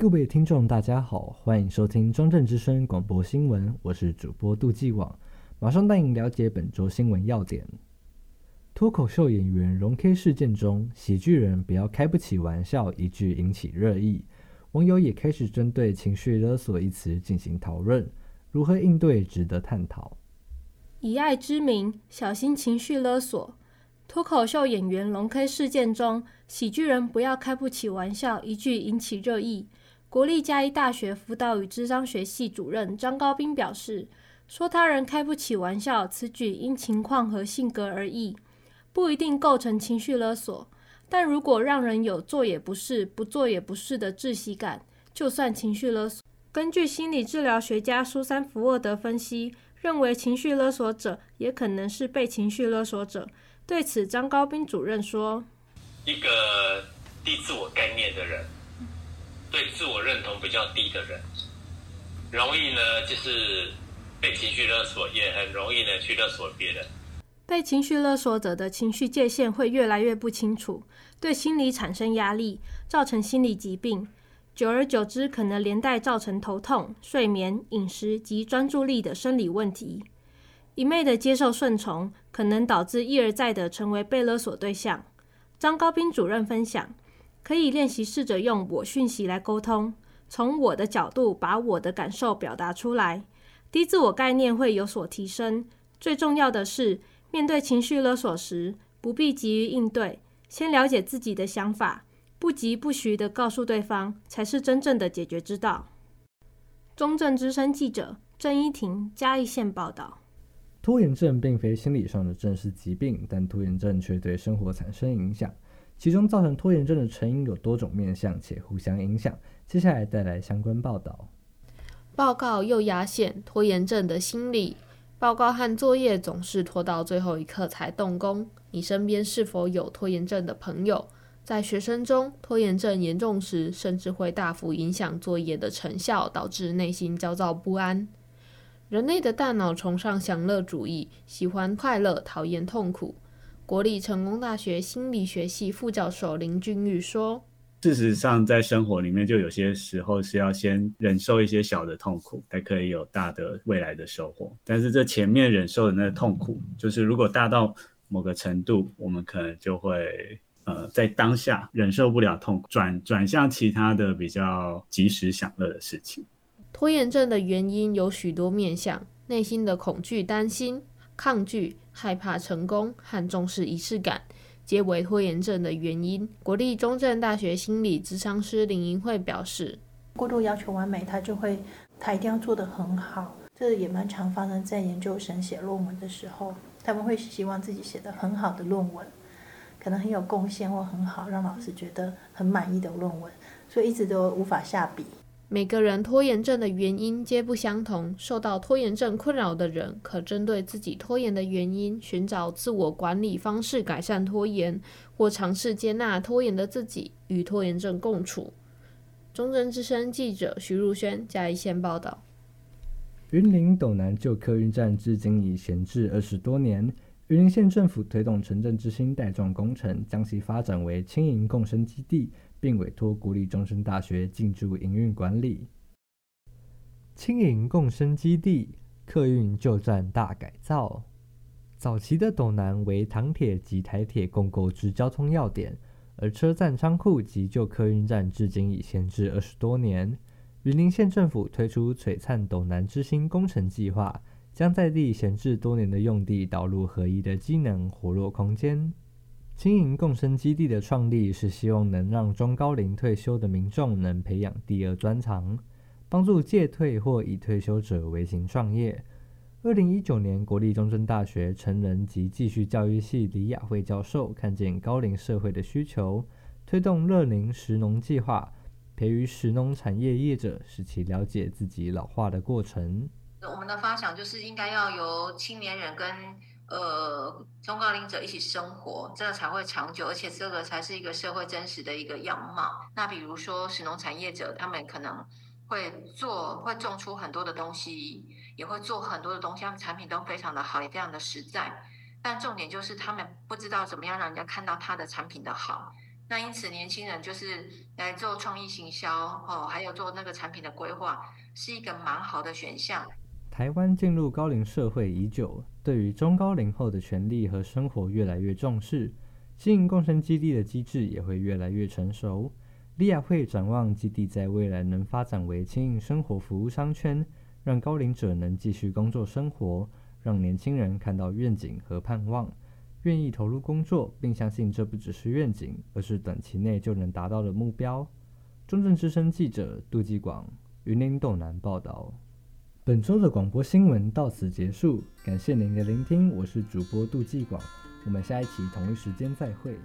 各位聽眾，大家好，歡迎收聽《中正之聲》廣播新聞，我是主播杜紀廣，馬上帶你了解本周新聞要點。脫口秀演員龍 K 事件中，喜劇人不要開不起玩笑一句引起熱議，網友也開始針對“情緒勒索”一詞進行討論，如何應對值得探討。以愛之名，小心情緒勒索。脫口秀演員龍 K 事件中，喜劇人不要開不起玩笑一句引起熱議。國立嘉義大學輔導與諮商學系主任張高斌表示：“說他人開不起玩笑，此舉因情況和性格而異，不一定構成情緒勒索。但如果讓人有做也不是、不做也不是的窒息感，就算情緒勒索。”根據心理治療學家蘇珊·福沃德分析，認為情緒勒索者也可能是被情緒勒索者。對此，張高斌主任說：“一個低自我概念的人。”對自我認同比較低的人，容易呢就是被情緒勒索，也很容易呢去勒索別人。被情緒勒索者的情緒界限會越來越不清楚，對心理產生壓力，造成心理疾病。久而久之，可能連帶造成頭痛、睡眠、飲食及專注力的生理問題。一昧的接受順從，可能導致一而再的成為被勒索對象。張高斌主任分享。可以練習試着用我訊息來溝通，從我的角度把我的感受表達出來。低自我概念會有所提升。最重要的是，面對情緒勒索時，不必急於應對，先了解自己的想法，不疾不徐的告訴對方，才是真正的解決之道。中正之聲記者鄭伊婷嘉義縣報道。拖延症並非心理上的正式疾病，但拖延症卻對生活產生影響。其中造成拖延症的成因有多種面向，且互相影響。接下來帶來相關報道。報告又壓線，拖延症的心理。報告和作業總是拖到最後一刻才動工。你身邊是否有拖延症的朋友？在學生中，拖延症嚴重時，甚至會大幅影響作業的成效，導致內心焦躁不安。人類的大腦崇尚享樂主義，喜歡快樂，討厭痛苦。國立成功大學心理學系副教授林俊裕說：“事實上，在生活裡面，就有些時候是要先忍受一些小的痛苦，才可以有大的未來的收穫。但是，這前面忍受的那個痛苦，就是如果大到某個程度，我們可能就會呃，在當下忍受不了痛苦，轉轉向其他的比較及時享樂的事情。拖延症的原因有許多面向，內心的恐懼、擔心、抗拒。”害怕成功和重視儀式感，皆為拖延症的原因。國立中正大學心理諮商師林盈慧表示，過度要求完美，他就會他一定要做得很好，這也蠻常發生在研究生寫論文的時候，他們會希望自己寫得很好的論文，可能很有貢獻或很好，讓老師覺得很滿意的論文，所以一直都無法下筆。每個人拖延症的原因皆不相同，受到拖延症困擾的人，可針對自己拖延的原因，尋找自我管理方式改善拖延，或嘗試接納拖延的自己，與拖延症共處。中正之聲記者許洳瑄加一線報道。雲林斗南舊客運站至今已閒置二十多年。雲林縣政府推動城鎮之星帶狀工程，將其發展為青銀共生基地，並委託國立中山大學進駐營運管理。青銀共生基地，客運舊站大改造。早期的斗南為糖鐵及台鐵共構之交通要點，而車站倉庫及舊客運站至今已閒置二十多年。雲林縣政府推出璀璨斗南之星工程計劃。將在地閒置多年的用地導入合一的機能活絡空間，青銀共生基地的創立是希望能讓中高齡退休的民眾能培養第二專長，幫助屆退或已退休者微型創業。二零一九年國立中正大學成人及繼續教育系李雅慧教授看見高齡社會的需求，推動樂齡食農計劃，培育食農產業業，業者，使其了解自己老化的過程。我們的發想就是應該要由青年人跟呃中高齡者一起生活，這個才會長久，而且這個才是一個社會真實的一個樣貌。那比如說，食農產業者，他們可能會做，會種出很多的東西，也會做很多的東西，他們產品都非常的好，也非常的實在。但重點就是他們不知道怎麼樣讓人家看到他的產品的好。那因此，年輕人就是來做創意行銷哦，還有做那個產品的規劃，是一個蠻好的選項。台灣進入高齡社會已久，對於中高齡後的權利和生活越來越重視，青銀共生基地的機制也會越來越成熟。利亞會展望基地在未來能發展為青銀生活服務商圈，讓高齡者能繼續工作生活，讓年輕人看到願景和盼望，願意投入工作，並相信這不只是願景，而是短期內就能達到的目標。中正之聲記者杜紀廣、雲林斗南報道。本周的廣播新聞到此結束，感謝您的聆聽，我是主播杜紀廣，我們下一期同一時間再會。